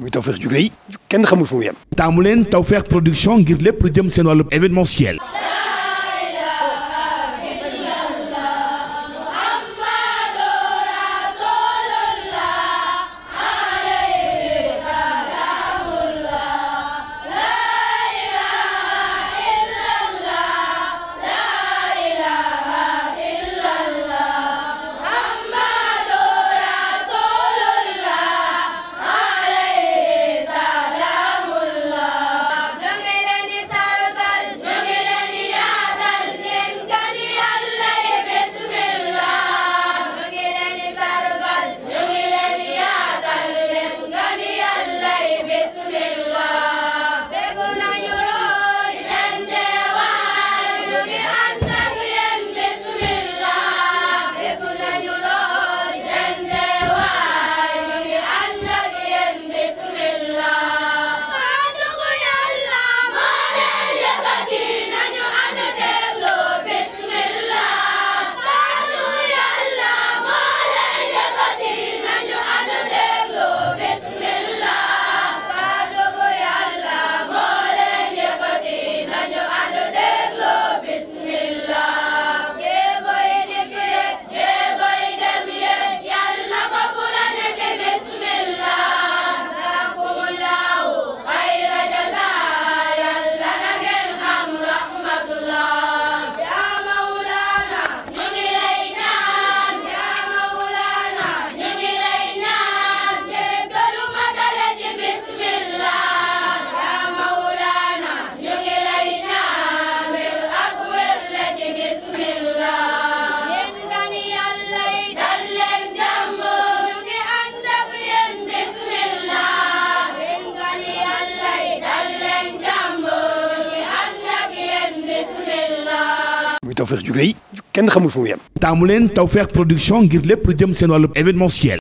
muy Tawfekh jugee kenn xamul fu mu yem. taamu leen Tawfekh production ngir lépp lu jëm seen wàllu événementiel. tawfeex ju rëy kenn xamul fu mu yem. taamu leen Tawfekh Production ngir lépp lu jëm seen wàllu événementiel